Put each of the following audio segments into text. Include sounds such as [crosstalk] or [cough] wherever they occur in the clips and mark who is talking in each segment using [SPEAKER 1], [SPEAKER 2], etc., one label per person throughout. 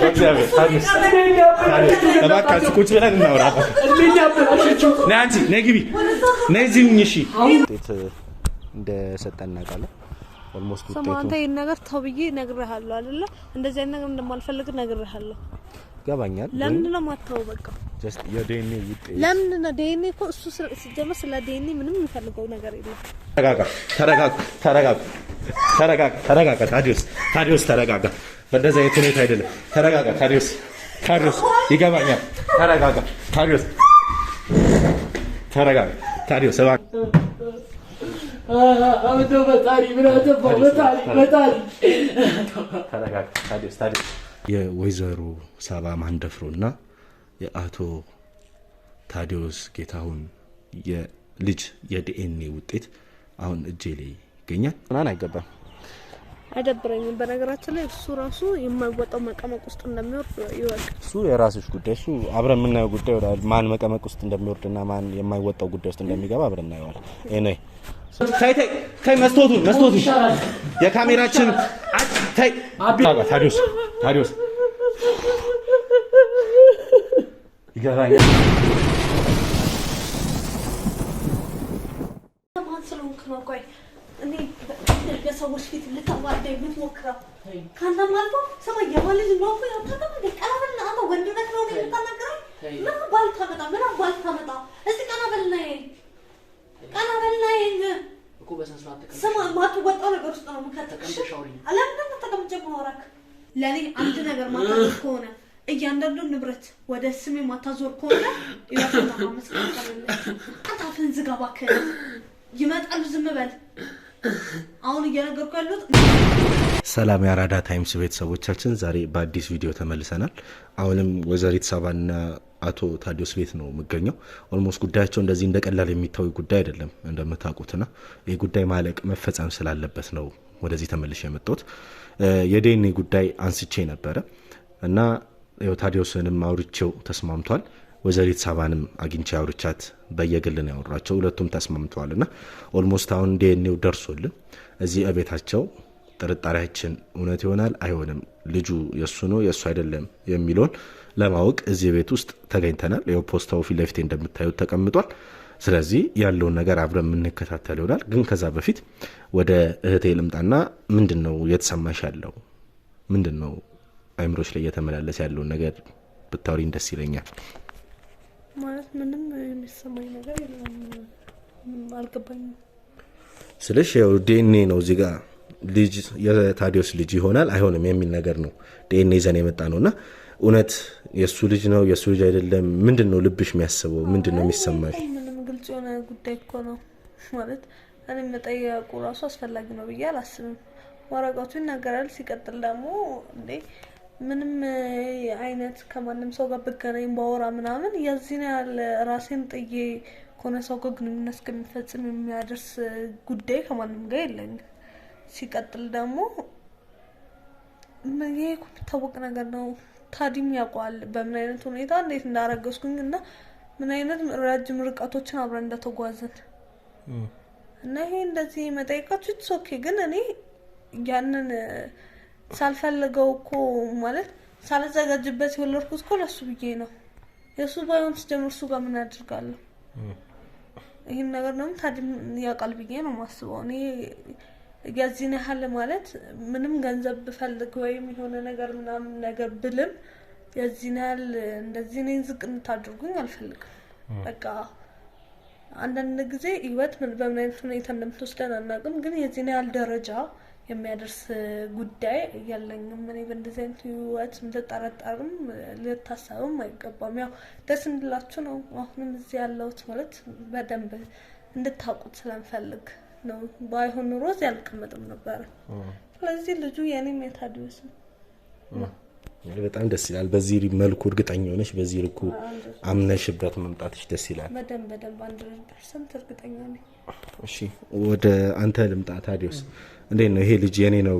[SPEAKER 1] ቁጭ ብለን እናውራ።
[SPEAKER 2] ውጤት እንደሰጠን እናውቃለን። ኦልሞስት
[SPEAKER 3] ውጤቱ አንተ ይሄን ነገር ተው ብዬ አይደለ? እንደዚህ አይነት ነገር እንደማልፈልግ እነግርሃለሁ። ይገባኛል። ለምንድን ነው የማታው? በቃ
[SPEAKER 2] ጀስት የዲኤንኤ ውጤት
[SPEAKER 3] ለምንድን ነው ዲኤንኤ እኮ እሱ ሲጀመር ስለ ዲኤንኤ ምንም የሚፈልገው ነገር የለም።
[SPEAKER 1] ተረጋጋ፣ ተረጋጋ፣ ተረጋጋ፣ ተረጋጋ። ታዲዮስ፣ ታዲዮስ ተረጋጋ። በእንደዚህ አይነት ሁኔታ አይደለም። ተረጋጋ ታዲዮስ፣ ካሪዮስ ካሪዮስ ይገባኛል ተረጋጋ ካሪዮስ፣ ተረጋጋ ታዲዮስ። የወይዘሮ ሳባ ማንደፍሮ እና የአቶ ታዲዮስ ጌታሁን የልጅ የዲኤንኤ ውጤት አሁን እጄ ላይ ይገኛል። ምናን አይገባም አይደብረኝም። በነገራችን ላይ እሱ ራሱ የማይወጣው መቀመቅ ውስጥ እንደሚወርድ ይወቅ። እሱ የራስሽ ጉዳይ፣ እሱ አብረን የምናየው ጉዳይ ይሆናል። ማን መቀመቅ ውስጥ እንደሚወርድ እና ማን የማይወጣው ጉዳይ ውስጥ እንደሚገባ አብረን እናየዋለን። ኤኖይ ታይ መስቶቱ መስቶቱ መስታወቱን መስታወቱን፣ የካሜራችን ተይ። ታዲዮስ ታዲዮስ ይገባኛል ስለሆንክ ነው። ቆይ ሰዎች ፊት ልታዋርደኝ የምትሞክረው ከአንተም አልፎ ሰው የባል ልጅ ነው ወይ አታውቅም እንዴ? ቀና አንተ ወንድ ነው ነው የምታናግረኝ? ምን ባልታመጣ ምን ባልታመጣ እዚህ ቀና በልና ይሄን ቀና በልና ይሄን እኮ በስነ ስርዓት ተቀምጥ። ስማ የማትወጣው ነገር ውስጥ ነው የምከተቅሽ። ለምን ተቀምጬ ማወራክ? ለእኔ አንድ ነገር ማታዞር ከሆነ እያንዳንዱ ንብረት ወደ ስሜ ማታዞር ከሆነ ይወጣ ማመስከረ አንተ አፍህን ዝጋ እባክህ። ይመጣሉ ዝም በል አሁን እየነገርኩ ያሉት ሰላም የአራዳ ታይምስ ቤተሰቦቻችን፣ ዛሬ በአዲስ ቪዲዮ ተመልሰናል። አሁንም ወይዘሪት ሳባና አቶ ታዲዮስ ቤት ነው የምገኘው። ኦልሞስት ጉዳያቸው እንደዚህ እንደቀላል የሚታዩ ጉዳይ አይደለም እንደምታውቁትና ይህ ጉዳይ ማለቅ መፈጸም ስላለበት ነው ወደዚህ ተመልሼ የመጣሁት። የዴኔ ጉዳይ አንስቼ ነበረ እና ታዲዮስንም አውርቼው ተስማምቷል። ወይዘሪት ሳባንም አግኝቼ አውርቻት በየግል ነው ያወራቸው። ሁለቱም ተስማምተዋል ና ኦልሞስት አሁን ዲኤንኤው ደርሶልን እዚህ እቤታቸው ጥርጣሬያችን እውነት ይሆናል አይሆንም፣ ልጁ የእሱ ነው የእሱ አይደለም የሚለውን ለማወቅ እዚህ ቤት ውስጥ ተገኝተናል። ያው ፖስታው ፊት ለፊቴ እንደምታዩት ተቀምጧል። ስለዚህ ያለውን ነገር አብረን የምንከታተል ይሆናል። ግን ከዛ በፊት ወደ እህቴ ልምጣና ምንድን ነው እየተሰማሽ ያለው ምንድን ነው አይምሮች ላይ እየተመላለስ ያለውን ነገር ብታወሪኝ ደስ ይለኛል። ማለት ምንም የሚሰማኝ ነገር የለም። አልገባኝም ስልሽ ያው ዲኤንኤ ነው እዚህ ጋር ልጅ የታዲዮስ ልጅ ይሆናል አይሆንም የሚል ነገር ነው። ዲኤንኤ ይዘን የመጣ ነው እና እውነት የእሱ ልጅ ነው የእሱ ልጅ አይደለም፣ ምንድን ነው ልብሽ የሚያስበው? ምንድን ነው የሚሰማሽ? ምንም ግልጽ የሆነ ጉዳይ እኮ ነው [laughs] ማለት እኔ መጠየቁ ራሱ አስፈላጊ ነው ብዬ አላስብም። ወረቀቱ ይናገራል። ሲቀጥል ደግሞ እንዴ ምንም አይነት ከማንም ሰው ጋር ብገናኝ ባወራ ምናምን የዚህን ያህል ራሴን ጥዬ ከሆነ ሰው ጋር ግንኙነት እስከሚፈጽም የሚያደርስ ጉዳይ ከማንም ጋር የለኝም። ሲቀጥል ደግሞ ይሄ የሚታወቅ ነገር ነው። ታዲም ያውቀዋል በምን አይነት ሁኔታ እንዴት እንዳረገዝኩኝ እና ምን አይነት ረጅም ርቀቶችን አብረን እንደተጓዝን እና ይሄ እንደዚህ መጠየቃችሁ ኦኬ፣ ግን እኔ ያንን ሳልፈልገው እኮ ማለት ሳልዘጋጅበት የወለድኩት እኮ ለሱ ብዬ ነው። የእሱ ባይሆን ስጀምር እሱ ጋር ምን ያደርጋለሁ? ይህን ነገር ደግሞ ታዲም ያውቃል ብዬ ነው ማስበው። እኔ የዚህን ያህል ማለት ምንም ገንዘብ ብፈልግ ወይም የሆነ ነገር ምናምን ነገር ብልም የዚህን ያህል እንደዚህ እኔን ዝቅ እንታድርጉኝ አልፈልግም። በቃ አንዳንድ ጊዜ ህይወት በምን አይነት ሁኔታ እንደምትወስደን አናውቅም፣ ግን የዚህን ያህል ደረጃ የሚያደርስ ጉዳይ የለኝም። እኔ በእንደዚህ አይነት ህይወት ልጠረጠርም ልታሰብም አይገባም። ያው ደስ እንድላችሁ ነው አሁንም እዚህ ያለሁት ማለት በደንብ እንድታውቁት ስለምፈልግ ነው። ባይሆን ኑሮ እዚህ አልቀመጥም ነበረ። ስለዚህ ልጁ የእኔ የታዲዮስ ነው። በጣም ደስ ይላል። በዚህ መልኩ እርግጠኛ ሆነች፣ በዚህ ልኩ አምነሽበት መምጣትሽ ደስ ይላል። በደንብ በደንብ አንድ ፐርሰንት እርግጠኛ ነኝ። እሺ ወደ አንተ ልምጣ። ታዲዮስ እንዴት ነው ይሄ ልጅ የኔ ነው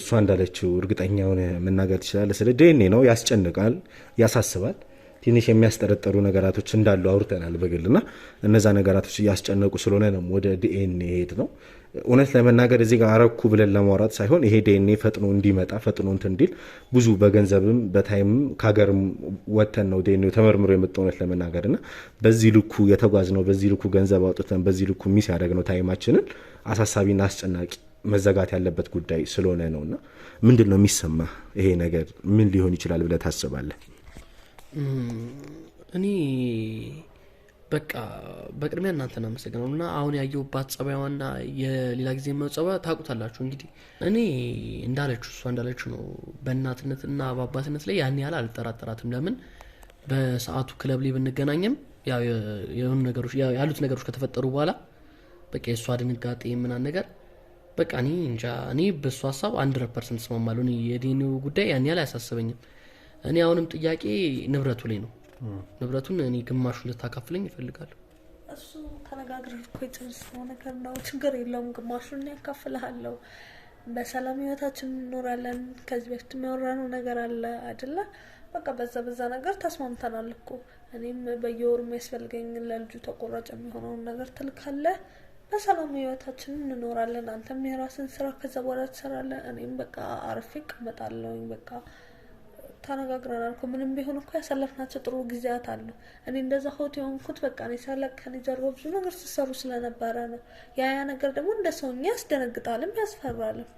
[SPEAKER 1] እሷ እንዳለችው እርግጠኛ ሆነ መናገር ትችላለ ስለ ዲኤንኤ ነው ያስጨንቃል፣ ያሳስባል። ትንሽ የሚያስጠረጠሩ ነገራቶች እንዳሉ አውርተናል በግልና እነዛ ነገራቶች እያስጨነቁ ስለሆነ ነው ወደ ዲኤንኤ ሄድ ነው እውነት ለመናገር እዚህ ጋር አረኩ ብለን ለማውራት ሳይሆን ይሄ ዴኔ ፈጥኖ እንዲመጣ ፈጥኖ እንትን እንዲል ብዙ በገንዘብም በታይም ከሀገርም ወተን ነው ዴኔ ተመርምሮ የመጣ እውነት ለመናገር እና በዚህ ልኩ የተጓዝ ነው በዚህ ልኩ ገንዘብ አውጥተን በዚህ ልኩ ሚስ ያደግ ነው ታይማችንን አሳሳቢና አስጨናቂ መዘጋት ያለበት ጉዳይ ስለሆነ ነው እና ምንድን ነው የሚሰማ ይሄ ነገር ምን ሊሆን ይችላል ብለ ታስባለህ? እኔ በቃ በቅድሚያ እናንተ እናመሰግነው እና አሁን ያየሁባት ጸባይዋና የሌላ ጊዜ መጸባይ ታውቁታላችሁ። እንግዲህ እኔ እንዳለችው እሷ እንዳለችው ነው። በእናትነት እና በአባትነት ላይ ያን ያህል አልጠራጠራትም። ለምን በሰዓቱ ክለብ ላይ ብንገናኝም ያሉት ነገሮች ከተፈጠሩ በኋላ በቃ የእሷ ድንጋጤ የምናን ነገር በቃ እኔ እንጃ እኔ በእሷ ሀሳብ አንድ ረፐርሰንት ስማማለሁ። እኔ ጉዳይ ያን ያህል አያሳስበኝም። እኔ አሁንም ጥያቄ ንብረቱ ላይ ነው ንብረቱን እኔ ግማሹ እንድታካፍለኝ ይፈልጋሉ። እሱ ተነጋግረን እኮ የጨረስነው ነገር ነው። ችግር የለውም። ግማሹን ያካፍልሃለሁ። በሰላም ህይወታችን እንኖራለን። ከዚህ በፊት የሚያወራነው ነገር አለ አይደለ? በቃ በዛ በዛ ነገር ተስማምተናል እኮ። እኔም በየወሩ የሚያስፈልገኝ ለልጁ ተቆራጭ የሚሆነውን ነገር ትልካለህ። በሰላም ህይወታችን እንኖራለን። አንተም የራስን ስራ ከዛ በኋላ ትሰራለህ። እኔም በቃ አርፌ እቀመጣለሁኝ በቃ ተነጋግረናል እኮ ምንም ቢሆን እኮ ያሳለፍናቸው ጥሩ ጊዜያት አሉ። እኔ እንደዛ ሆት የሆንኩት በቃ እኔ ሳላቅ ከኔ ብዙ ነገር ሲሰሩ ስለነበረ ነው። ያ ያ ነገር ደግሞ እንደ ሰውኛ ያስደነግጣልም ያስፈራልም።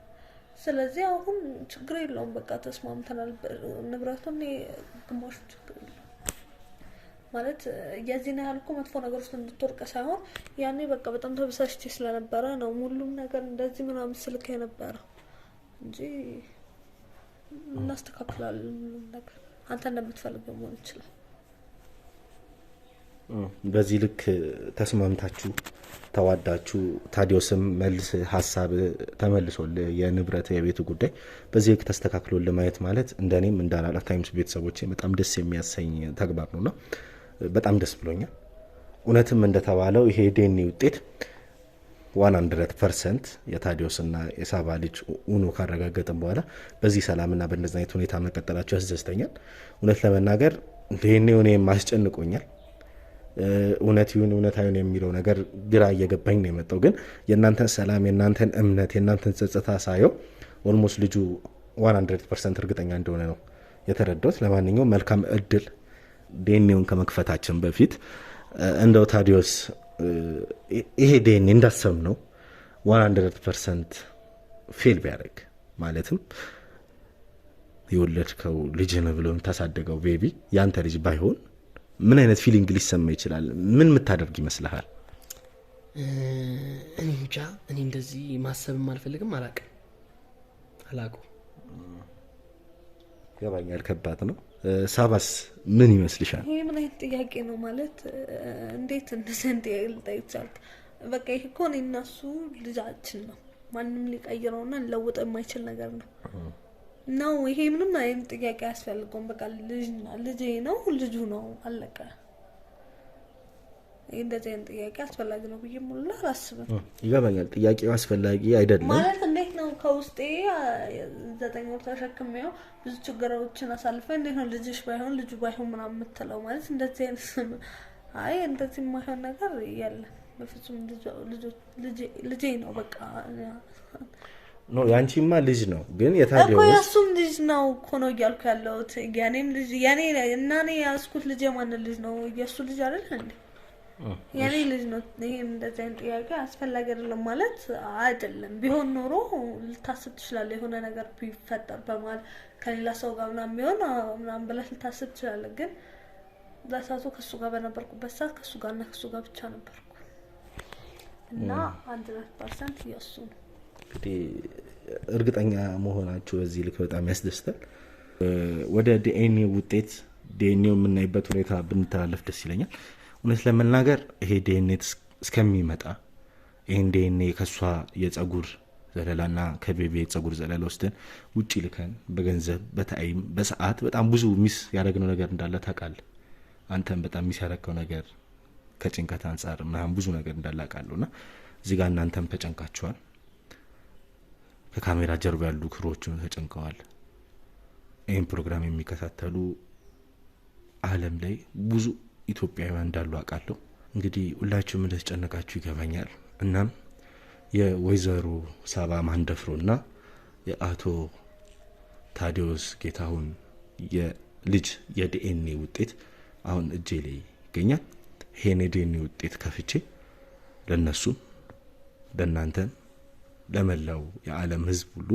[SPEAKER 1] ስለዚህ አሁን ችግር የለውም በቃ ተስማምተናል። ንብረቱን ግማሹ ችግር የለውም ማለት የዚህ ነው ያልኩ መጥፎ ነገር ውስጥ እንድትወርቅ ሳይሆን ያኔ በቃ በጣም ተበሳሽቼ ስለነበረ ነው ሙሉም ነገር እንደዚህ ምናምን ስልክ የነበረው እንጂ እናስተካክላለን። ነገር አንተ እንደምትፈልገው መሆን ይችላል። በዚህ ልክ ተስማምታችሁ ተዋዳችሁ፣ ታዲዮስም መልስ ሀሳብ ተመልሶል የንብረት የቤቱ ጉዳይ በዚህ ልክ ተስተካክሎል ማየት ማለት እንደኔም እንደ አላላ ታይምስ ቤተሰቦቼ በጣም ደስ የሚያሰኝ ተግባር ነውና በጣም ደስ ብሎኛል። እውነትም እንደተባለው ይሄ ዴኒ ውጤት 100 ፐርሰንት የታዲዮስና የሳባ ልጅ ኡኖ ካረጋገጥን በኋላ በዚህ ሰላምና በእንደዚ አይነት ሁኔታ መቀጠላቸው ያስደስተኛል። እውነት ለመናገር ይህኔ ሆኔ አስጨንቆኛል። እውነት ይሁን እውነት አይሁን የሚለው ነገር ግራ እየገባኝ ነው የመጣው። ግን የእናንተን ሰላም የእናንተን እምነት የእናንተን ጸጸታ ሳየው ኦልሞስት ልጁ 100 ፐርሰንት እርግጠኛ እንደሆነ ነው የተረዳሁት። ለማንኛውም መልካም እድል ዴኔውን ከመክፈታችን በፊት እንደው ታዲዮስ ይሄ እንዳሰብ ነው 100 ፐርሰንት ፌል ቢያደረግ ማለትም የወለድከው ልጅ ነው ብሎ የምታሳደገው ቤቢ ያንተ ልጅ ባይሆን ምን አይነት ፊሊንግ ሊሰማ ይችላል? ምን የምታደርግ ይመስልሃል? እኔ እንጃ። እኔ እንደዚህ ማሰብም አልፈልግም። አላቅ አላቁ ገባኛል። ከባድ ነው። ሳባስ ምን ይመስልሻል? ይህ ምን አይነት ጥያቄ ነው? ማለት እንዴት እንደሰንት ጥያቄ ልጠይቅ በቃ ይህ እኮ እኔ ልጃችን ነው። ማንም ሊቀይረውና ሊለውጠው የማይችል ነገር ነው ነው ይሄ ምንም አይነት ጥያቄ አያስፈልገውም። በቃ ልጅ ነው ልጁ ነው አለቀ። እንደዚህ አይነት ጥያቄ አስፈላጊ ነው ብዬ ሙላ አላስብም። ይገባኛል ጥያቄው አስፈላጊ አይደለም ማለት ከውስጤ ዘጠኝ ወር ተሸክሜው ብዙ ችግሮችን አሳልፈ እንዴት ነው ልጅሽ ባይሆን ልጁ ባይሆን ምናምን የምትለው ማለት እንደዚህ አይነት አይ እንደዚህ የማይሆን ነገር ያለ በፍጹም ልጄ ነው በቃ ኖ ያንቺማ ልጅ ነው ግን የታዲያ የእሱም ልጅ ነው እኮ ነው እያልኩ ያለሁት የኔም ልጅ የኔ እና እኔ ያዝኩት ልጅ የማንን ልጅ ነው የእሱ ልጅ አይደል እንዴ የኔ ልጅ ነው። ይህ እንደዚህ አይነት ጥያቄ አስፈላጊ አይደለም ማለት አይደለም። ቢሆን ኖሮ ልታስብ ትችላለ፣ የሆነ ነገር ቢፈጠር በመሀል ከሌላ ሰው ጋር ምናምን ቢሆን ምናምን ብለህ ልታስብ ትችላለ። ግን በሰዓቱ ከእሱ ጋር በነበርኩበት ሰዓት ከእሱ ጋር እና ከእሱ ጋር ብቻ ነበርኩ እና አንድ ፐርሰንት እያሱ ነው። እንግዲህ እርግጠኛ መሆናችሁ በዚህ ልክ በጣም ያስደስታል። ወደ ዲኤንኤ ውጤት ዲኤንኤው የምናይበት ሁኔታ ብንተላለፍ ደስ ይለኛል። እውነት ለመናገር ይሄ ዲኤንኤ እስከሚመጣ ይህን ዲኤንኤ ከእሷ የጸጉር ዘለላ ና ከቤቤ የጸጉር ዘለላ ወስደን ውጭ ልከን በገንዘብ በታይም በሰዓት በጣም ብዙ ሚስ ያደረግነው ነገር እንዳለ ታውቃለህ። አንተም በጣም ሚስ ያደረግከው ነገር ከጭንቀት አንጻር ምናምን ብዙ ነገር እንዳለ አውቃለሁ። ና እዚህ ጋር እናንተም ተጨንቃችኋል። ከካሜራ ጀርባ ያሉ ክሮዎችን ተጨንቀዋል። ይህን ፕሮግራም የሚከታተሉ አለም ላይ ብዙ ኢትዮጵያውያን እንዳሉ አውቃለሁ። እንግዲህ ሁላችሁም እንደተጨነቃችሁ ይገባኛል። እናም የወይዘሮ ሳባ ማንደፍሮ እና የአቶ ታዲዮስ ጌታሁን የልጅ የዲኤንኤ ውጤት አሁን እጄ ላይ ይገኛል። ይሄን የዲኤንኤ ውጤት ከፍቼ ለነሱም ለእናንተም ለመላው የዓለም ሕዝብ ሁሉ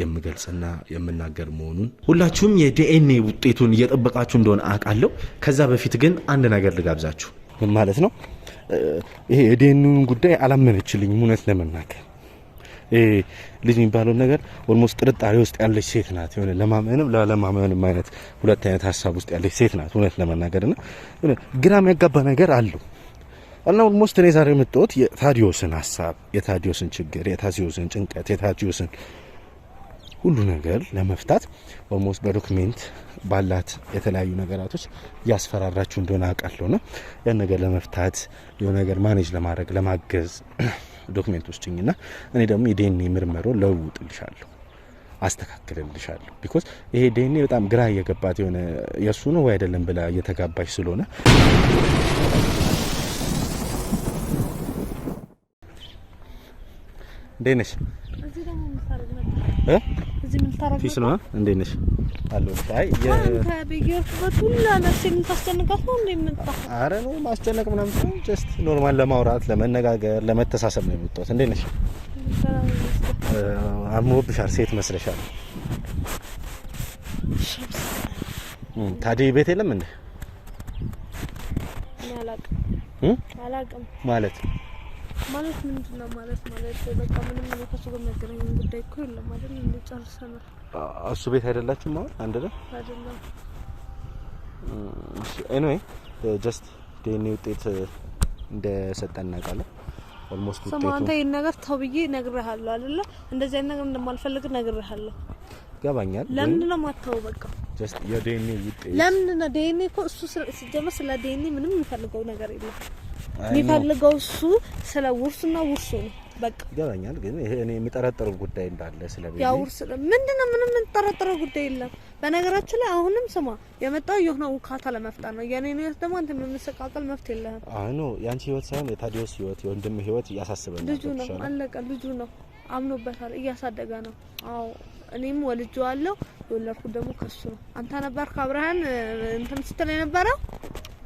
[SPEAKER 1] የምገልጽና የምናገር መሆኑን ሁላችሁም የዲኤንኤ ውጤቱን እየጠበቃችሁ እንደሆነ አውቃለሁ። ከዛ በፊት ግን አንድ ነገር ልጋብዛችሁ። ምን ማለት ነው? ይሄ የዲኤንኤውን ጉዳይ አላመነችልኝም እውነት ለመናገር ልጅ የሚባለውን ነገር ኦልሞስት ጥርጣሬ ውስጥ ያለች ሴት ናት። የሆነ ለማመንም ላለማመንም አይነት ሁለት አይነት ሀሳብ ውስጥ ያለች ሴት ናት እውነት ለመናገር ና ግራ የሚያጋባ ነገር አለው እና ኦልሞስት እኔ ዛሬ የምትወት የታዲዮስን ሀሳብ የታዲዮስን ችግር የታዚዮስን ጭንቀት የታዲዮስን ሁሉ ነገር ለመፍታት ኦልሞስት በዶክሜንት ባላት የተለያዩ ነገራቶች እያስፈራራችሁ እንደሆነ አውቃለሁ። ና ያን ነገር ለመፍታት የሆነ ነገር ማኔጅ ለማድረግ ለማገዝ ዶክሜንት ውስጭኝ ና እኔ ደግሞ የዲኤንኤ ምርመሮ ለውጥልሻለሁ አስተካክልልሻለሁ ቢኮዝ ይሄ ዲኤንኤ በጣም ግራ እየገባት የሆነ የእሱ ነው ወይ አይደለም ብላ እየተጋባች ስለሆነ እንዴት ነሽ? ፊስ ነው። እንዴት ነሽ? አረ ነው ማስጨነቅ ምናምን ነው። ጀስት ኖርማል ለማውራት ለመነጋገር፣ ለመተሳሰብ ነው የመጣሁት። እንዴት ነሽ? አሞብሻል፣ ሴት መስለሻል። ታዲያ ቤት የለም እንዴ? አላውቅም ማለት ማለት ምንድን ነው ማለት ማለት በቃ ምንም ነው ከሱ ጋር መገናኘት ጉዳይ እኮ የለም ማለት ነው። ጨርሰናል። እሱ ቤት አይደላችሁም አሁን አንድ ነው አይደለም። እሺ ኤኒዌይ ጀስት ዴኒ ውጤት እንደሰጠን እናውቃለን። ኦልሞስት ውጤቱ ሰማ አንተ ይሄን ነገር ተው ብዬ ነግሬሃለሁ አይደለ? እንደዚህ አይነት ነገር እንደማልፈልግ ነግሬሃለሁ። ይገባኛል። ለምን ነው የማታወው? በቃ ጀስት የዴኒ ውጤት ለምን ነው ዴኒ እኮ እሱ ሲጀመር ስለ ዴኒ ምንም የሚፈልገው ነገር የለም። የሚፈልገው እሱ ስለ ውርሱና ውርሱ ነው። በቃ ይገባኛል። ግን ይሄ እኔ የምጠረጥረው ጉዳይ እንዳለ ስለ ያ ውርስ ምንድነው? ምንም የምጠረጥረው ጉዳይ የለም። በነገራችን ላይ አሁንም ስማ፣ የመጣው የሆነ ውካታ ለመፍጠር ነው። የኔ ነው ደግሞ አንተ የምንሰቃቀል መፍት የለህም። አይ ኖ ያንቺ ህይወት ሳይሆን የታዲዮስ ህይወት የወንድም ህይወት እያሳስበኝ ልጁ ነው። አለቀ። ልጁ ነው አምኖበታል። እያሳደገ ነው። አዎ እኔም ወልጆ አለው የወለድኩት ደግሞ ከሱ ነው። አንተ ነበርክ አብርሃን እንትን ስትል የነበረው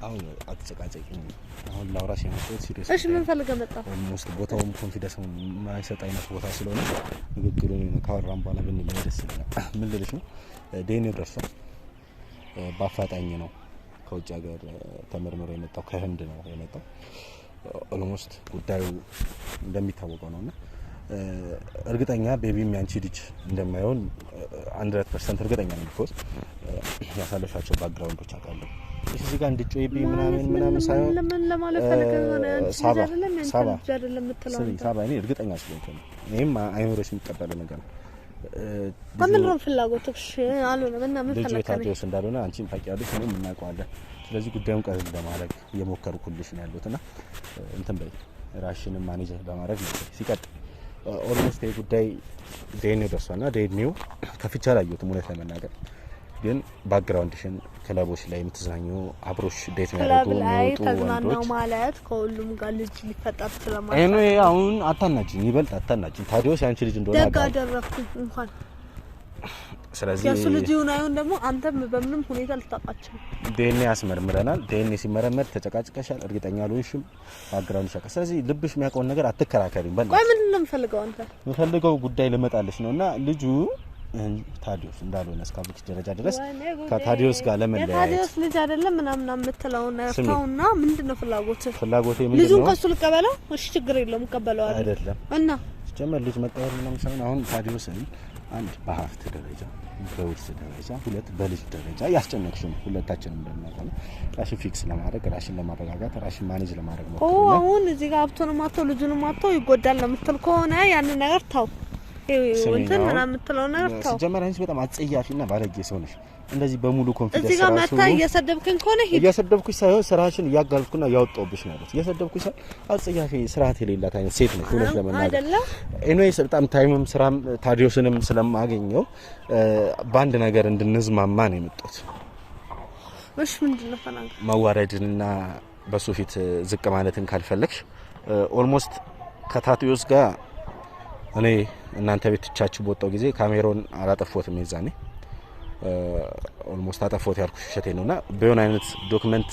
[SPEAKER 1] አሁን አትጨቃጨቂኝ። አሁን ላውራሽ የመጣሁት ሲሪየስ። እሺ ምን ፈልገህ መጣህ? ኦልሞስት ቦታውም ኮንፊደንስ የማይሰጥ አይነት ቦታ ስለሆነ ንግግሩን ካወራን በኋላ ብንለይ ደስ ይላል። [clears throat] ምን ልልሽ ነው፣ ዴኔ ደርሷል። በአፋጣኝ ነው ከውጭ ሀገር ተመርምሮ የመጣው ከህንድ ነው የመጣው። ኦልሞስት ጉዳዩ እንደሚታወቀው ነው እና እርግጠኛ ቤቢም ያንቺ ልጅ እንደማይሆን 100% እርግጠኛ ነኝ። ቢኮዝ ያሳለሻቸው ባክግራውንዶች አውቃለሁ እዚህ ጋር እንድትጮይብኝ ምናምን ምናምን ሳይሆን ሳባ እኔ እርግጠኛ ስለሆንኩ ነው። ይሄም አይኖርሽ የሚቀበለው ነገር ነው። በምንድነው ፍላጎትሽ ታቴዎስ እንዳልሆነ አንቺም ታውቂያለሽ፣ እኔም እናውቀዋለን። ስለዚህ ጉዳዩን ቀለል ለማድረግ እየሞከርኩልሽ ነው ያለሁት እና እንትን በይ ራሽንም ማኔጅ ለማድረግ ነው። ሲቀጥል ኦልሞስት ይህ ጉዳይ ዴኔው ደርሷልና ዴኒው ከፍቼ አላየሁትም እውነት ለመናገር ግን ባክግራውንድሽን ክለቦች ላይ የምትዝናኙ አብሮች ዴት የሚያደርጉ የሚወጡ ወንዶች ማለት ከሁሉም ጋር ልጅ ሊፈጠር ስለማለት አይኑ አሁን አታናጅኝ፣ ይበልጥ አታናጅኝ። ታዲያስ ያንቺ ልጅ እንደሆነ ደጋ አደረኩኝ እንኳን ስለዚህ የእሱ ልጅ ይሁን አይሁን ደግሞ አንተም በምንም ሁኔታ ልታውቃቸው ዴኔ አስመርምረናል። ዴኔ ሲመረመር ተጨቃጭቀሻል፣ እርግጠኛ አልሆንሽም። ባክግራውንድ ሻቀ። ስለዚህ ልብሽ የሚያውቀውን ነገር አትከራከሪም። በል ቆይ ምንድን ነው የምፈልገው? አንተ የምፈልገው ጉዳይ ልመጣልሽ እና ልጁ ታዲዮስ እንዳልሆነ እስካሁን ደረጃ ድረስ ከታዲዮስ ጋር ለመለያየት ታዲዮስ ልጅ አይደለም ምናምን የምትለው ነፋውና ምንድነው ፍላጎት ፍላጎቴ ምንድነው? ልጁን ከሱ ልቀበለው። እሺ ችግር የለውም ቀበለው አይደለም እና ጀመር ልጅ መቀበል ምናምን ሳይሆን አሁን ታዲዮስን አንድ በሀብት ደረጃ በውርስ ደረጃ ሁለት በልጅ ደረጃ ያስጨነቅሽ ነው። ሁለታችን እንደምናውቀው ራሽን ፊክስ ለማድረግ ራሽን ለማረጋጋት ራሽን ማኔጅ ለማድረግ ነው። አሁን እዚህ ጋር ሀብቱንም አቶ ልጁንም አቶ ይጎዳል ለምትል ከሆነ ያንን ነገር ታው እንትን ምናምን የምትለው ነገር ተው። ሲጀመር አንቺ በጣም አጸያፊና ባለጌ ሰው ነሽ። እንደዚህ በሙሉ ኮንፊደንስ እዚህ ጋር መታ እየሰደብክን ከሆነ ሂድ። እየሰደብኩሽ ሳይሆን ስራሽን እያጋልጥኩና እያወጣሁብሽ ነው። እየሰደብኩሽ ሳይሆን አጸያፊ ስርዓት የሌላት አይነት ሴት ነሽ እውነት ለመናገር ኤኒዌይስ፣ በጣም ታይምም ስራም ታዲዮስንም ስለማገኘው በአንድ ነገር እንድንዝማማ ነው የመጣሁት። እሺ ምንድን ነው ተናገር። መዋረድንና በሱ ፊት ዝቅ ማለትን ካልፈለግሽ ኦልሞስት ከታዲዮስ ጋር እኔ እናንተ ቤት ትቻችሁ በወጣው ጊዜ ካሜሮን አላጠፎትም። የዛኔ ኦልሞስት አጠፎት ያልኩሽ ውሸቴ ነውና በሆነ አይነት ዶክመንት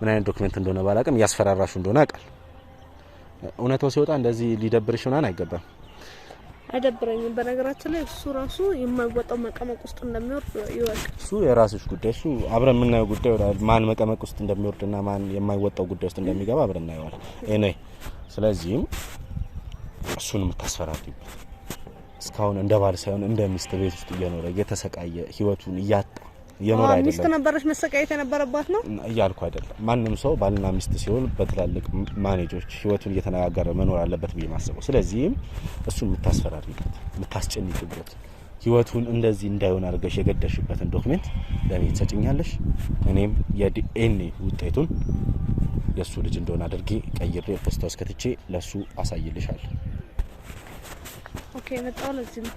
[SPEAKER 1] ምን አይነት ዶክመንት እንደሆነ ባላቅም እያስፈራራሹ እንደሆነ አውቃል። እውነታው ሲወጣ እንደዚህ ሊደብርሽ ምናምን አይገባም። አይደብረኝም። በነገራችን ላይ እሱ ራሱ የማይወጣው መቀመቅ ውስጥ እንደሚወርድ ይወቅ። እሱ የራስሽ ጉዳይ፣ እሱ አብረን የምናየው ጉዳይ ማን መቀመቅ ውስጥ እንደሚወርድና ማን የማይወጣው ጉዳይ ውስጥ እንደሚገባ አብረን እናየዋለን። ስለዚህም እሱን የምታስፈራሪበት እስካሁን እንደ ባል ሳይሆን እንደ ሚስት ቤት ውስጥ እየኖረ እየተሰቃየ ህይወቱን እያጣ የኖረ አይደለም። ሚስት ነበረች መሰቃየት የነበረባት ነው እያልኩ አይደለም። ማንም ሰው ባልና ሚስት ሲሆን በትላልቅ ማኔጆች ህይወቱን እየተነጋገረ መኖር አለበት ብዬ ማሰበው። ስለዚህም እሱ የምታስፈራሪበት የምታስጨንቅበት ህይወቱን እንደዚህ እንዳይሆን አድርገሽ የገደሽበትን ዶክሜንት ለእኔ ትሰጭኛለሽ። እኔም የዲኤንኤ ውጤቱን የእሱ ልጅ እንደሆነ አድርጌ ቀይሬ ፖስታ ውስጥ ከትቼ ለእሱ ኦኬ፣ የመጣው ለዚህ ነው።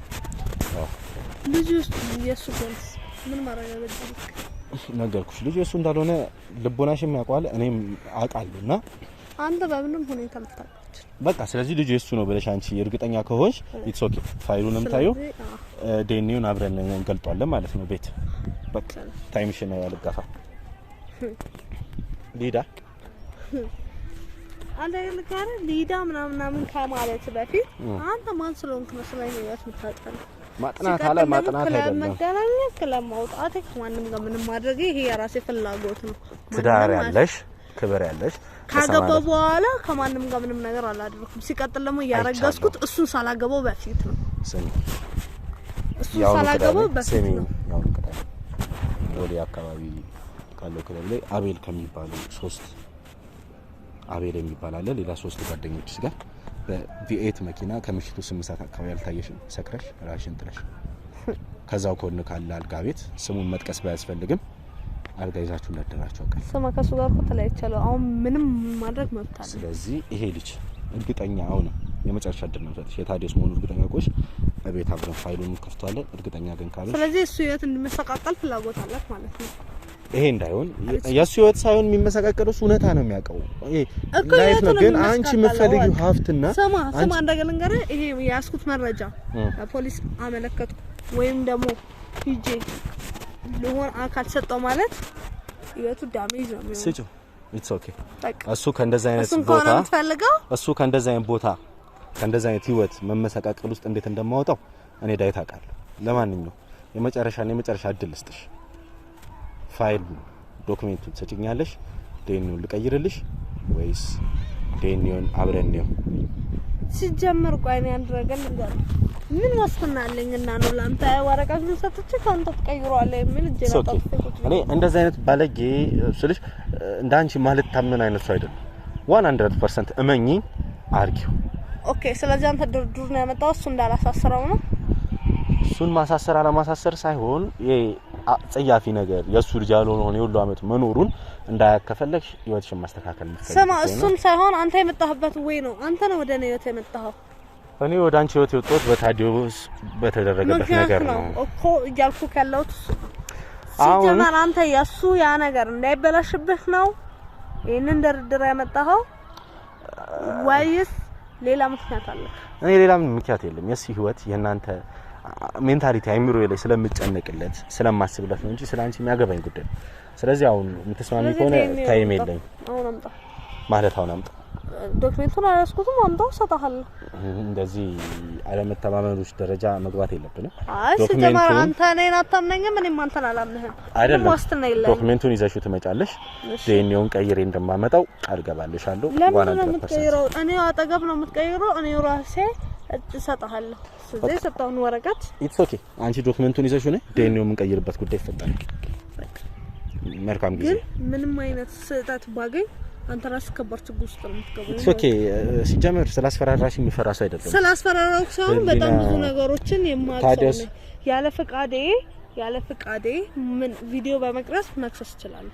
[SPEAKER 1] ልጅ ውስጥ የእሱ ሆንስ ምን ማረጋገጥ ነገርኩሽ። ልጅ የእሱ እንዳልሆነ ልቦናሽም ያውቀዋል፣ እኔም አውቃለሁ። እና አንተ በምንም ሁኔታ ልታውቃለች። በቃ ስለዚህ ልጁ የእሱ ነው ብለሽ አንቺ እርግጠኛ ከሆንሽ ኢትስ ኦኬ። ፋይሉንም ታዩ ዴኒውን አብረን እንገልጧለን ማለት ነው። ቤት በቃ ታይምሽ ነው ያልጋፋ ሊዳ አለ ልጋር ሊዳ ምናምን ምናምን ከማለት በፊት አንተ ማን ስለሆንክ ነው ስለ ህይወት የምታጠና? ማጥናት አለ ማጥናት አይደለም። መገናኘት ስለማውጣት ከማንም ጋር ምንም ማድረግ ይሄ የራሴ ፍላጎት ነው። ትዳር ያለሽ ክብር ያለሽ ካገባ በኋላ ከማንም ጋር ምንም ነገር አላደረኩም። ሲቀጥል ደግሞ እያረገዝኩት እሱን ሳላገባው በፊት ነው። እሱን ሳላገባው በፊት ነው። ወዲያ አካባቢ ካለው ክለብ ላይ አቤል ከሚባሉ ሶስት አቤል የሚባል አለ ሌላ ሶስት ጓደኞች ጋር በቪኤት መኪና ከምሽቱ ስምንት ሰዓት አካባቢ ያልታየሽም ሰክረሽ ራሽን ጥለሽ ከዛው ኮን ካለ አልጋ ቤት ስሙን መጥቀስ ባያስፈልግም አልጋ ይዛችሁ እንዳደራችሁ አውቃል። ስማ ከሱ ጋር እኮ ተለያይቻለሁ። አሁን ምንም ማድረግ መብት አለ። ስለዚህ ይሄ ልጅ እርግጠኛ አሁን የመጨረሻ ድር ነው ሰጥሽ የታዲዮስ መሆኑ እርግጠኛ ቆሽ በቤት አብረን ፋይሉን ከፍቷለን። እርግጠኛ ግን ካለ ስለዚህ እሱ ህይወት እንዲመሰቃቀል ፍላጎት አላት ማለት ነው። ይሄ እንዳይሆን የእሱ ህይወት ሳይሆን የሚመሰቃቀለው እሱ እውነታ ነው የሚያውቀው። ላይፍ ነው ግን አንቺ የምትፈልጊው ሀብትና ስማ ስማ እንደገና ልንገርህ፣ ይሄ የያዝኩት መረጃ ፖሊስ አመለከትኩ ወይም ደግሞ ሂጄ ለሆነ አካል ሰጠው ማለት ህይወቱ ዳሜጅ ነው የሚሆነው። ስጭው ኢትስ ኦኬ። እሱ ከእንደዛ አይነት ቦታ እሱ ከእንደዛ አይነት ቦታ ከእንደዛ አይነት ህይወት መመሰቃቀል ውስጥ እንዴት እንደማወጣው እኔ ዳዊት አውቃለሁ። ለማንኛውም የመጨረሻ የመጨረሻ እድል ልስጥሽ ፋይል ዶክሜንቱን ሰጭኛለሽ ዴኒውን ልቀይርልሽ ወይስ ዴኒውን አብረን ነው? ሲጀመር ቆይ እኔ አንድ ምን ዋስትና አለኝ እና ነው ለአንተ ወረቀት ምን ሰጥቼ ከአንተ ትቀይረዋለህ የሚል እጄ እኔ እንደዚህ አይነት ባለጌ ስልሽ እንዳንቺ ማለት ታምን አይነት ሰው አይደለም። ዋን እመኚ አርጊው። ኦኬ። ስለዚህ አንተ ድርድር ነው ያመጣው እሱ እንዳላሳሰረው ነው። እሱን ማሳሰር አለማሳሰር ሳይሆን አጸያፊ ነገር የእሱ ልጅ ያልሆነ ሆነ የሁሉ አመት መኖሩን እንዳያት ከፈለግሽ ህይወትሽን ማስተካከል ምትፈልጊ ስማ፣ እሱም ሳይሆን አንተ የመጣህበት ወይ ነው። አንተ ነው ወደ እኔ ህይወት የመጣኸው። እኔ ወደ አንቺ ህይወት የወጣሁት በታዲዮስ በተደረገበት ነገር ነው እኮ እያልኩ ያለሁት። ሲጀመር አንተ የእሱ ያ ነገር እንዳይበላሽብህ ነው ይህንን ድርድር ያመጣኸው ወይስ ሌላ ምክንያት አለ? እኔ ሌላ ምክንያት የለም። የእሱ ህይወት የእናንተ ሜንታሊቲ አይምሮ ላይ ስለምጨነቅለት ስለማስብለት ነው እንጂ ስለ አንቺ የሚያገባኝ ጉዳይ። ስለዚህ አሁን የምትስማሚ ከሆነ ታይም የለኝ ማለት አሁን አምጣ። ዶክሜንቱን አላስኩትም፣ አምጣው እሰጥሃለሁ። እንደዚህ አለመተማመኖች ደረጃ መግባት የለብንም። አይ ስጀመር አንተ እኔን አታምነኝም፣ እኔም አንተን አላምንህም። አይደለም ዋስትና የለኝም። ዶክሜንቱን ይዘሽው ትመጫለሽ። ዲኤንኤውን ቀይሬ እንደማመጣው ቃል ገባልሻለሁ። ለምን ነው የምትቀይረው? እኔ አጠገብ ነው የምትቀይረው። እኔ ራሴ እሰጥሃለሁ። ስለዚህ የሰጠውን ወረቀት ኢትስ ኦኬ። አንቺ ዶክመንቱን ይዘሽ ሆነ ዴኒዮ የምንቀይርበት ጉዳይ መልካም ጊዜ። ግን ምንም አይነት ስህተት ባገኝ አንተ ራስህ ከባድ ችግር ውስጥ ነው የምትገባው። ኢትስ ኦኬ። ሲጀመር ስላስፈራራሽ የሚፈራ ሰው አይደለም። ስላስፈራራው ሳይሆን በጣም ብዙ ነገሮችን የማታደስ ያለ ያለ ምን ቪዲዮ በመቅረጽ መክሰስ ይችላል።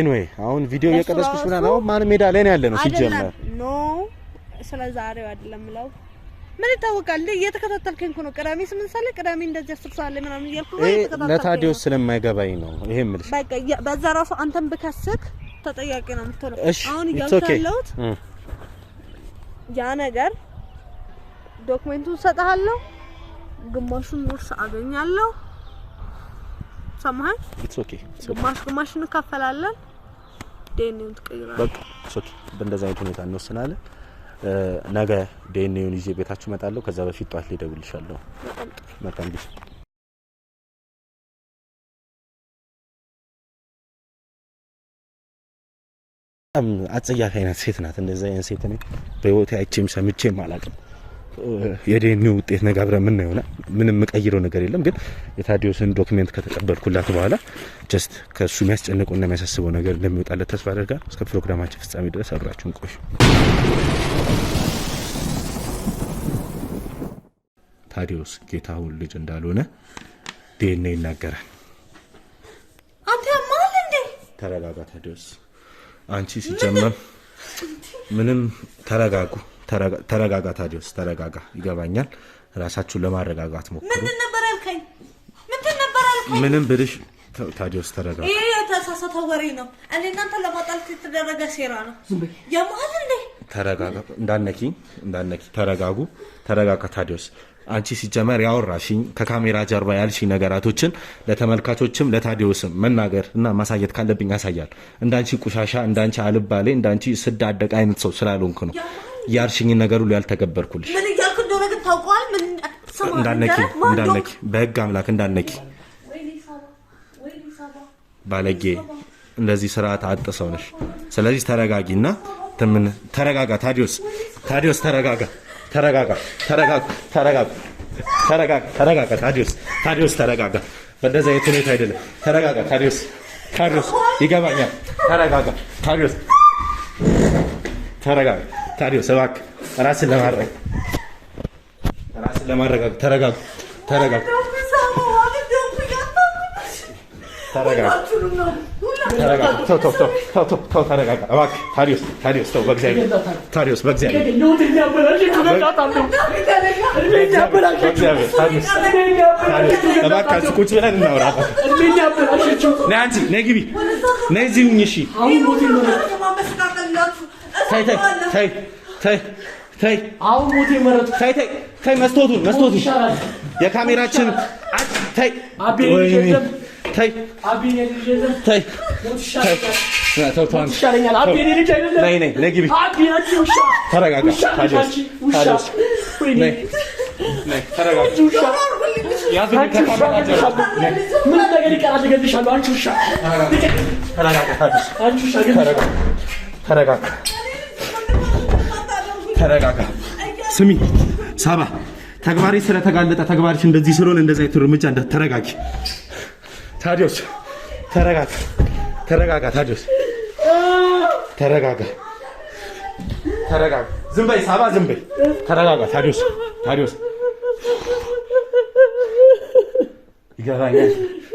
[SPEAKER 1] ኤኒዌይ አሁን ቪዲዮ እየቀረጽኩሽ ምናምን አሁን ማን ሜዳ ላይ ነው ያለ ነው ሲጀመር ኖ አይደለም ለው ምን ይታወቃል? እየተከታተልከኝ እኮ ነው። ቅዳሜ ስምንት ሰዓት ላይ ቅዳሜ እንደዚህ አስር ሰዓት ላይ ምናምን እያልኩ ነው። ለታዲዮስ ስለማይገባኝ ነው ይሄ የምልሽ። በቃ በዛ ራሱ አንተን ብከስክ ተጠያቂ ነው የምትሆነው። አሁን እያልኩ ያለሁት ያ ነገር ዶክመንቱን ሰጥሃለሁ፣ ግማሹን ውርስ አገኛለሁ። ሰማኸኝ? ኢትስ ኦኬ። ግማሽ ግማሽ እንካፈላለን። ዴኒውን ትቀይራለህ። በቃ ኢትስ ኦኬ። በእንደዛ አይነት ሁኔታ እንወስናለን። ነገ ዲኤንኤውን ይዤ ቤታችሁ እመጣለሁ። ከዛ በፊት ጠዋት ላይ እደውልልሻለሁ። መልካም ጊዜ በጣም አጸያፊ አይነት ሴት ናት። እንደዛ አይነት ሴት እኔ በህይወቴ አይቼም ሰምቼም አላውቅም። የዴኒ ውጤት ነገ አብረን ምን ይሆናል። ምንም የምቀይረው ነገር የለም። ግን የታዲዮስን ዶክሜንት ከተቀበልኩላት በኋላ ጀስት ከእሱ የሚያስጨንቀውና የሚያሳስበው ነገር እንደሚወጣለት ተስፋ አደርጋለሁ። እስከ ፕሮግራማችን ፍጻሜ ድረስ አብራችሁን ቆዩ። ታዲዮስ ጌታሁን ልጅ እንዳልሆነ ዴኔ ይናገራል። አንተ ማል እንዴ? ተረጋጋ ታዲዮስ። አንቺ ሲጀመር ምንም ተረጋጉ ተረጋጋ ታዲዮስ ተረጋጋ። ይገባኛል። ራሳችሁን ለማረጋጋት ሞክሩ። ምንም ብልሽ ታዲዮስ ተረጋ ይህ የተሳሳተ ወሬ ነው። እኔ እናንተ የተደረገ ሴራ ነው። የመሀል ተረጋጋ። እንዳነኪ እንዳነኪ። ተረጋጉ። ተረጋጋ ታዲዮስ አንቺ ሲጀመር ያወራሽኝ ከካሜራ ጀርባ ያልሽኝ ነገራቶችን ለተመልካቾችም ለታዲዮስም መናገር እና ማሳየት ካለብኝ ያሳያል። እንዳንቺ ቆሻሻ፣ እንዳንቺ አልባሌ፣ እንዳንቺ ስዳደቅ አይነት ሰው ስላልሆንኩ ነው። ያልሽኝን ነገር ሁሉ ያልተገበርኩልሽ ምን እያልክ እንደሆነ ግን ታውቀዋል። እንዳነኪ እንዳነኪ በህግ አምላክ እንዳነኪ ባለጌ እንደዚህ ስርዓት አጥ ሰው ነሽ። ስለዚህ ተረጋጊ እና ትምን ተረጋጋ። ታዲዮስ ታዲዮስ ተረጋጋ፣ ተረጋጋ፣ ተረጋጋ፣ ተረጋጋ፣ ተረጋጋ፣ ተረጋጋ። ታዲዮስ ታዲዮስ ተረጋጋ። በእንደዚህ አይነት ሁኔታ አይደለም። ተረጋጋ ታዲዮስ፣ ታዲዮስ ይገባኛል። ተረጋጋ ታዲዮስ፣ ተረጋጋ ታዲዮስ እባክህ ራስን ለማድረግ ራስን ለማረጋግ ተረጋግ ተረጋግ ተረጋጋ ተይ ተይ ተይ ተይ ተይ አሁን ሞት የመረጡ ተይ ተይ ተይ መስታወቱን መስታወቱን የካሜራችን ተይ ተረጋጋ ተረጋጋ። ስሚ ሳባ፣ ተግባሪ ስለተጋለጠ ተግባሪሽ እንደዚህ ስለሆነ እንደዚህ አይነት እርምጃ እንደ ተረጋጊ። ታዲዮስ ተረጋጋ፣ ተረጋጋ። ታዲዮስ ተረጋጋ፣ ተረጋጋ። ዝም በይ ሳባ፣ ዝም በይ። ተረጋጋ። ታዲዮስ ታዲዮስ፣ ይገባኛል።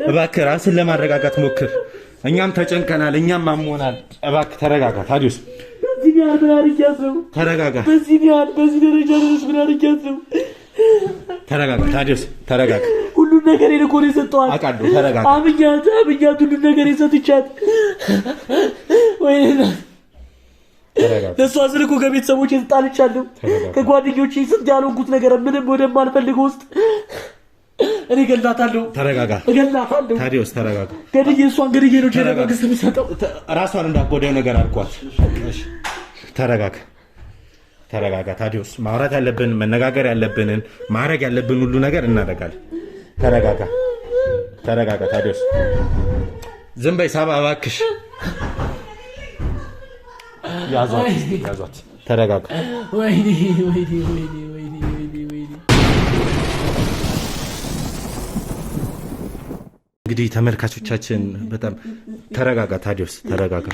[SPEAKER 1] እባክህ ራስን ለማረጋጋት ሞክር። እኛም ተጨንቀናል፣ እኛም አሞናል። እባክህ ተረጋጋ ታዲዮስ። በዚህ ያህል ምን አድርጊያት ነው? ተረጋጋ። በዚህ ያህል በዚህ ደረጃ ምን አድርጊያት ነው? ተረጋጋ። ተረጋጋ። ሁሉን ነገር እኮ ነው የሰጠኋት። አውቃለሁ። ተረጋጋ። አምኛት አምኛት ሁሉን ነገር የሰጥቻት ለእሷ ስል እኮ ከቤተሰቦች የተጣልቻለሁ። ከጓደኞች ስንት ያልሆንኩት ነገር ምንም ውስጥ እኔ ገላታለሁ። ተረጋጋ። እገላታለሁ። ተረጋጋ። ገድዬ እሷን ገድዬ ነው ጀረባ ግስ የሚሰጠው ራሷን እንዳጎዳዩ ነገር እሺ ተረጋጋ ተረጋጋ። ታዲዮስ ማውራት ያለብን መነጋገር ያለብንን ማድረግ ያለብን ሁሉ ነገር እናደርጋለን። ተረጋጋ ተረጋጋ። ታዲዮስ ዝም በይ ሳባ እባክሽ። ያዟት ያዟት። ተረጋጋ። እንግዲህ ተመልካቾቻችን በጣም ተረጋጋ ታዲዮስ ተረጋጋ።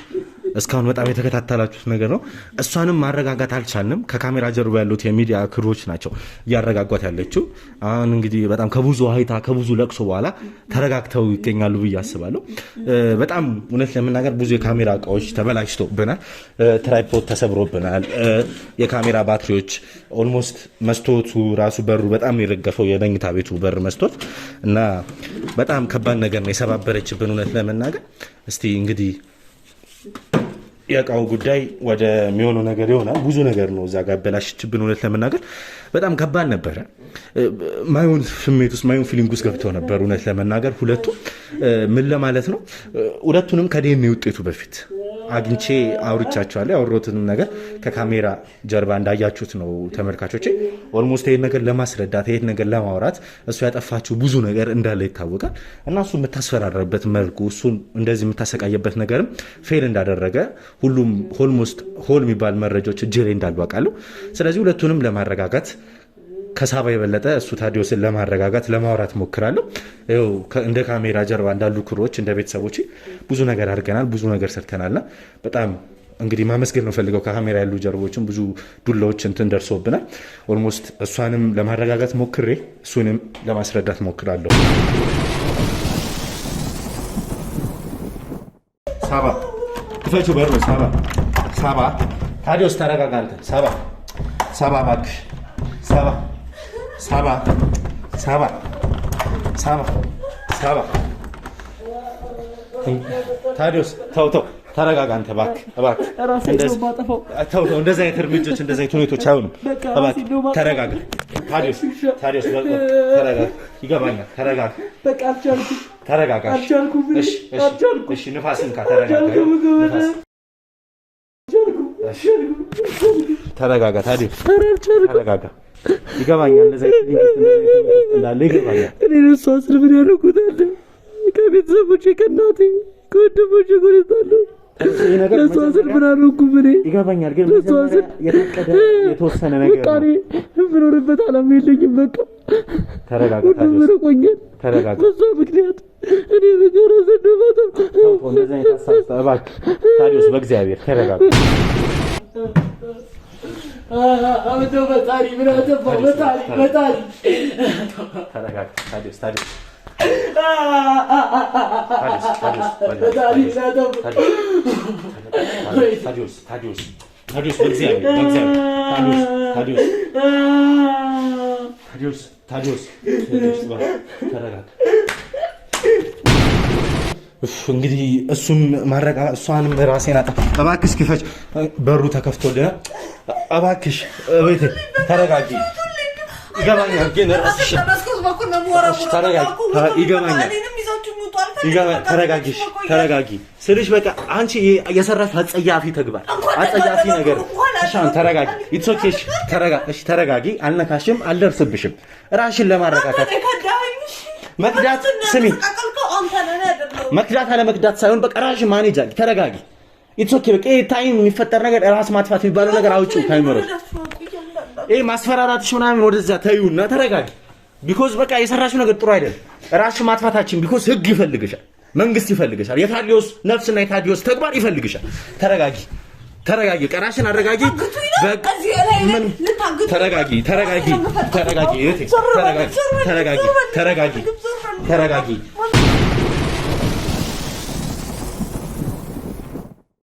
[SPEAKER 1] እስካሁን በጣም የተከታተላችሁት ነገር ነው። እሷንም ማረጋጋት አልቻልንም። ከካሜራ ጀርባ ያሉት የሚዲያ ክሮች ናቸው እያረጋጓት ያለችው። አሁን እንግዲህ በጣም ከብዙ ሀይታ ከብዙ ለቅሶ በኋላ ተረጋግተው ይገኛሉ ብዬ አስባለሁ። በጣም እውነት ለመናገር ብዙ የካሜራ እቃዎች ተበላሽቶብናል። ትራይፖድ ተሰብሮብናል። የካሜራ ባትሪዎች ኦልሞስት መስቶቱ ራሱ በሩ በጣም የረገፈው የመኝታ ቤቱ በር መስቶት እና በጣም ከባድ ነገር ነው የሰባበረችብን እውነት ለመናገር እስቲ እንግዲህ የእቃው ጉዳይ ወደሚሆነው ነገር ይሆናል። ብዙ ነገር ነው እዛ ጋር በላሽችብን። እውነት ለመናገር በጣም ከባድ ነበረ። ማይሆን ስሜት ውስጥ ማይሆን ፊሊንግ ውስጥ ገብተው ነበር። እውነት ለመናገር ሁለቱም ምን ለማለት ነው ሁለቱንም ከዲኤንኤ ውጤቱ በፊት አግኝቼ አውርቻቸዋለሁ። ያወሮትንም ነገር ከካሜራ ጀርባ እንዳያችሁት ነው ተመልካቾች ኦልሞስት ይሄን ነገር ለማስረዳት ይሄን ነገር ለማውራት እሱ ያጠፋችው ብዙ ነገር እንዳለ ይታወቃል። እና እሱ የምታስፈራረበት መልኩ እሱን እንደዚህ የምታሰቃየበት ነገርም ፌል እንዳደረገ ሁሉም ኦልሞስት ሆል የሚባል መረጃዎች እጅ ላይ እንዳሉ አውቃለሁ። ስለዚህ ሁለቱንም ለማረጋጋት ከሳባ የበለጠ እሱ ታዲዮስን ለማረጋጋት ለማውራት ሞክራለሁ። እንደ ካሜራ ጀርባ እንዳሉ ክሮች እንደ ቤተሰቦች ብዙ ነገር አድርገናል፣ ብዙ ነገር ሰርተናልና በጣም እንግዲህ ማመስገን ነው ፈልገው ከካሜራ ያሉ ጀርቦችን ብዙ ዱላዎች እንትን ደርሶብናል። ኦልሞስት እሷንም ለማረጋጋት ሞክሬ እሱንም ለማስረዳት ሞክራለሁ። ሳባ በሩ። ሳባ ሳባ ታዲዮስ ተረጋጋ። ሳባ ሳባ እባክሽ ሳባ ሳባ ሳባ ሳባ ሳባ ታዲዮስ ተው ተው ተረጋጋ። አንተ እባክህ እባክህ፣ እንደዚህ አይነት እርምጃዎች እንደዚህ አይነት ሁኔታዎች አይሆኑም። እባክህ ተረጋጋ። ታዲዮስ ታዲዮስ፣ ይገባኛል። ተረጋጋ። ተረጋጋ። እሺ፣ እሺ፣ ንፋስን ተረጋጋ ታዲዮስ፣ ተረጋጋ ይገባኛል ለዛ እንዳለ ይገባኛል። እኔ እሷ ስል ምን ያደረጉታል? ከቤተሰቦቼ ከእናቴ ከወንድሞቼ ጎለታለ ለእሷ ስል ምን አደረኩም? እኔ ይገባኛል፣ ግን ለእሷ ስል የተወሰነ ነገር በቃ እኔ የምኖርበት አላማ የለኝም። በቃ ሁሉም ርቆኛል። በእሷ ምክንያት እኔ በገራ ዘንባታ እባክህ ታዲዮስ፣ በእግዚአብሔር ተረጋጋ። እንደው ፈጣሪ ምን አጠፋው? ፈጣሪ ፈጣሪ ተረጋጋ። ታዲዮስ ታዲዮስ ታዲዮስ ታዲዮስ ታዲዮስ በእግዚአብሔር በእግዚአብሔር ታዲዮስ ታዲዮስ ታዲዮስ ታዲዮስ ተረጋጋ እንግዲህ እሱም ማረጋ እሷንም ራሴን አጣ። እባክሽ ክፈች። በሩ ተከፍቶልና፣ እባክሽ እቤቴ ተረጋጊ። ይገባኛል፣ ተረጋጊ ተረጋጊ ስልሽ በቃ አንቺ የሰራሽ አጸያፊ ተግባር አጸያፊ ነገር። እሺ ተረጋጊ፣ ኢትሶኬሽ ተረጋጊ፣ ተረጋጊ። አልነካሽም፣ አልደርስብሽም። ራሽን ለማረጋጋት መቅዳት ስሚ መክዳት አለ መክዳት ሳይሆን በቀራሽ ራስሽ ማኔጅ አድርጊ። ተረጋጊ። ኢትስ ኦኬ። በቃ ታይም የሚፈጠር ነገር ራስ ማጥፋት የሚባለው ነገር አውጪ ታይመር ይሄ ማስፈራራትሽ ምናምን ወደዛ ተዩና ተረጋጊ። ቢኮዝ በቃ የሰራሽው ነገር ጥሩ አይደለም። ራስሽ ማጥፋታችን ቢኮዝ ህግ ይፈልግሻል፣ መንግስት ይፈልግሻል፣ የታዲዮስ ነፍስና የታዲዮስ ተግባር ይፈልግሻል። ተረጋጊ ተረጋጊ ቀራሽን አረጋጊ። ተረጋጊ ተረጋጊ ተረጋጊ ተረጋጊ ተረጋጊ ተረጋጊ